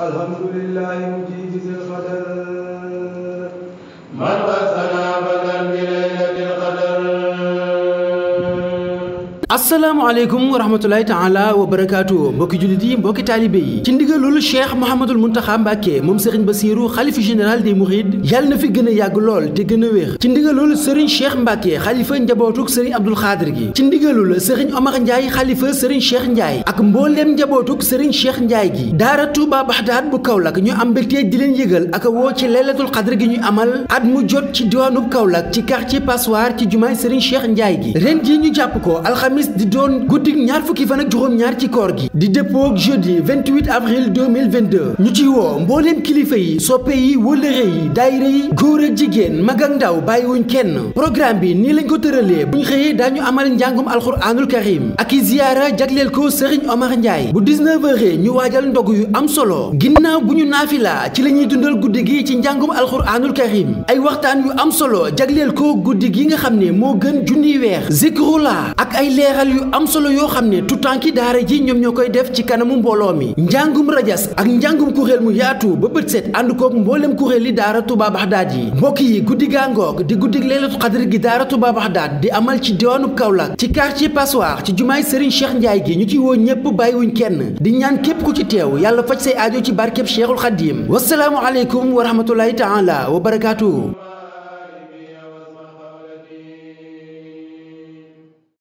الحمد لله مجيد ذي القدر asalaamaaleykum wa rahmatulahi taala wa barakaatu mbokki jullit yi mbokki taalibe yi ci ndigalul cheikh mouhamadul muntaxa mbàkke moom sëriñ siiru xalifa général des mourides yàlla na fi gën a yàgg lool te gën a wéex ci ndigalul sëriñ cheikh mbàkke xalifa njabootuk sëriñ abdul xaadir gi ci ndigalul sëriñ omar ndiaye xalifa sëriñ cheikh ndiaye ak mbooleem njabootuk sëriñ cheikh ndiaye gi daara tuuba baxdaat bu kaolack ñu am mbégte di leen yëgal ak woo ci laylatul xadr gi ñu amal at mu jot ci diwaanub kaolack ci quartier passoire ci jumaay sëriñ cheikh ndiaye gi ren ji ko alxamis alxamis di doon guddik ñaar fukki fan ak juróom-ñaar ci koor gi di dëppoog jeudi 28 avril 2022 ñu ci woo mbooleem kilifa yi soppe yi wëllëre yi daayira yi góor ak jigéen mag ndaw bàyyiwuñ kenn programme bi nii lañ ko tëralee bu ñu xëyee daañu amal njàngum alxuraanul karim ak i ziyaara jagleel ko Serigne Omar Ndiaye bu 19h ñu waajal ndog yu am solo ginnaaw bu ñu naafila ci la ñuy dundal guddi gi ci njàngum alxuraanul karim ay waxtaan yu am solo jagleel ko guddi gi nga xam ne moo gën junniy weer leeral yu am solo yoo xam ne tuutànki daara ji ñoom ñoo koy def ci kanamu mbooloo mi njàngum rajas ak njàngum kuréel mu yaatu ba bët set ànd koog mbooleem kuréel yi daara tubaabax Bagdad yi mbokk yi guddi gàngoog di guddi leelatu xadri gi daara tubaabax Bagdad di amal ci diwaanu Kaolack ci quartier Passoire ci jumaay Serigne Cheikh Ndiaye gi ñu ci woo ñépp bàyyiwuñ kenn di ñaan képp ku ci teew yàlla faj say aajo ci barkeb Cheikhul Khadim wasalaamu aleykum wa rahmatullahi taala wa barakaatu